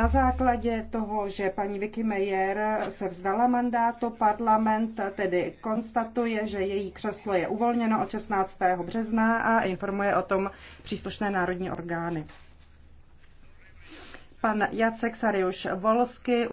Na základě toho, že paní Vicky Meyer se vzdala mandátu, parlament tedy konstatuje, že její křeslo je uvolněno od 16. března a informuje o tom příslušné národní orgány. Pan Jacek Sariuš Volsky